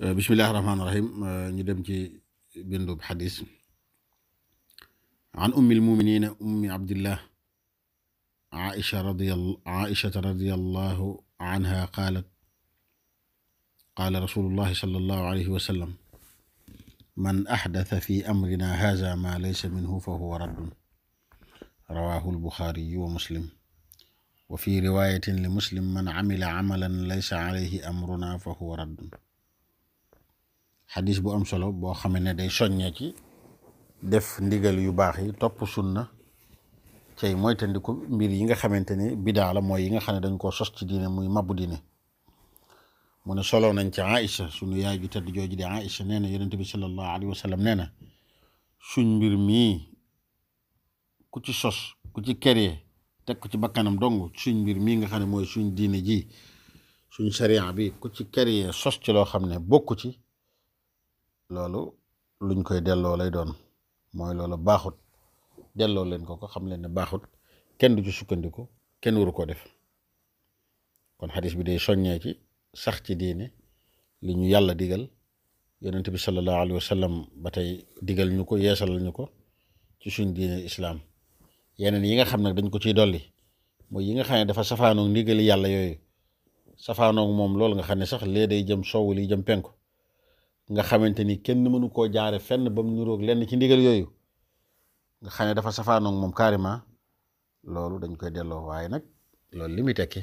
Euh, bismillahi rahmaani rahim euh, ñu dem ci bindub xadis an ummi lmuminina ummi abdillah aisha radi aishata radiallahu anha qaalat qaala rasulullahi sallallahu alayhi wa sallam man axdata fi amrina haza ma laysa minhu fa huwa raddun rawahu lbuxaariyu wa muslim wa fi riwayatin li muslim man camila camalan laysa calayhi amruna fa huwa raddun xadis bu am solo boo xamee ne day soññee ci def ndigal yu baax yi topp sunna cay moytandiku mbir yi nga xamante ne bidaa la mooy yi nga xam ne dañ koo sos ci diine muy mabbu diine mu ne soloo nañ ci Aïcha sunu yaay ju tedd jooju di Aïcha nee na yonent bi sallallahu alayhi wa sallam nee na suñ mbir mii ku ci sos ku ci këree teg ku ci bakkanam dong suñ mbir mii nga xam ne mooy suñ diine ji suñ sariya bi ku ci këree sos ci loo xam ne bokk ci loolu lu luñ koy delloo lay doon mooy loolu baaxut delloo leen ko ko xam leen ne baaxut kenn du ci sukkandiku kenn waru koo def kon xadis bi day soññee ci sax ci diine li ñu yàlla digal yonent bi sallallahu alayhi wa sallam ba tey digal ñu ko yeesalal ko ci suñ diine islaam yeneen yi nga xam nag dañ ko ciy dolli mooy yi nga xam ne dafa safaanoog ndigali yàlla yooyu safaanoog moom loolu nga xam ne sax lee day jëm sowwu lii jëm penku nga xamante ni kenn mënu koo jaare fenn ba nurook lenn ci ndigal yooyu nga xam ne dafa safaanoog moom carrément loolu dañ koy delloo waaye nag loolu li muy tekki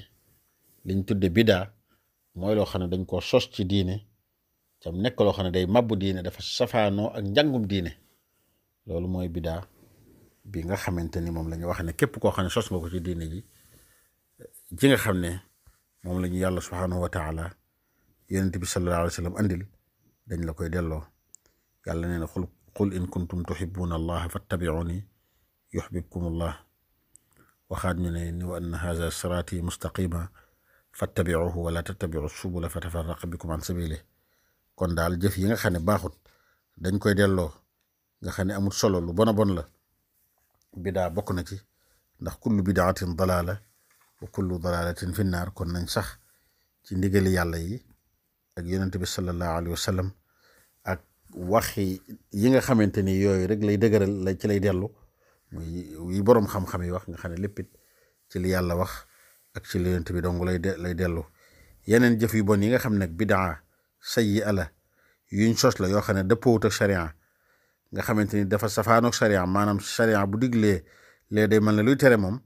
liñ tudde bidaa mooy loo xam ne dañ koo sos ci diine tam nekk loo xam ne day mabbu diine dafa safaanoo ak njàngum diine loolu mooy bidaa bi nga xamante ni moom la ñu wax ne képp koo xam ne sos nga ko ci diine ji ji nga xam ne moom lañuy ñu yàlla subhaanahu wa taala yonent bi sallallahu alayhi wa sallam andil dañ la koy delloo yàlla nee na xul qul in kuntum tuhibbuna allaha fattabiuni yuxbibkum allah waxaat ñu ne ni wa anna haza siraati mustaqima fattabiuhu wala tattabiu subula fatafarraqa bikum an sabili kon daal jëf yi nga xam ne baaxut dañ koy delloo nga xam ne amul solo lu bon a la bidaa bokk na ci ndax kullu bidaatin dalaala wa kullu dalaalatin fi naar kon nañ sax ci ndigal yàlla yi ak yonente bi sallallahu alayhi wa waxi yi nga xamante ni yooyu rek lay dëgëral la ci lay dellu muy yi boroom xam-xam yi wax nga xam ne lépp it ci li yàlla wax ak ci li bi dong lay lay dellu yeneen jëf yu bon yi nga xam nag bidaa sayyi ala yuñ sos la yoo xam ne dëppoowut ak sharia nga xamante ni dafa safaanook sharia maanaam sharia bu diglee lee day man ne luy tere moom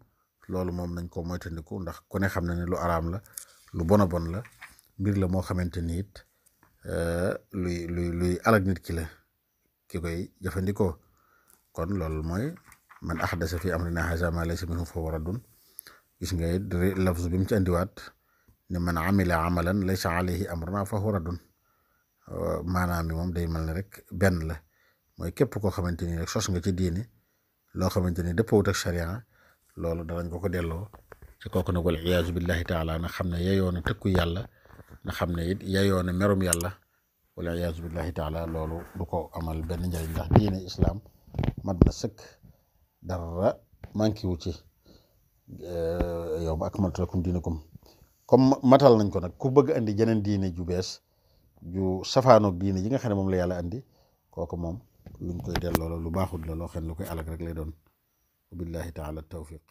loolu moom nañ ko moytandiku ndax ku ne xam na ne lu araam la lu bon bon la mbir la moo xamante Euh, luy luy luy alag nit ki la ki koy jëfandikoo kon loolu mooy man axdasa fi amrinaa haazaa maa laysa minhu fahuwa raddun gis nga it lafz bi mu ci andiwaat ne man amila amalan laysa alayhi amrunaa fahuwa raddun euh, maanaam bi moom day mal na rek benn la mooy képp koo xamante ni rek sos nga ci diini loo xamante ni dëppoowut ak sharia loolu danañ ko ko delloo ci kooku nag wal iyaazu billahi taala na xam ne yeyoo na tëkku yàlla. na xam ne it yayoo ne merum yàlla wala iyaazu billahi taala loolu du ko amal benn njëriñ ndax diine islaam mat na sëkk dara manqué wu ci yow ba akmaltu lakum diinakum comme matal nañ ko nag ku bëgg andi jeneen diine ju bees ju safaanoog diine yi nga xam ne moom la yàlla andi kooku moom luñ koy delloo la lu baaxul la loo lu koy alag rek lay doon u billahi taala tawfiq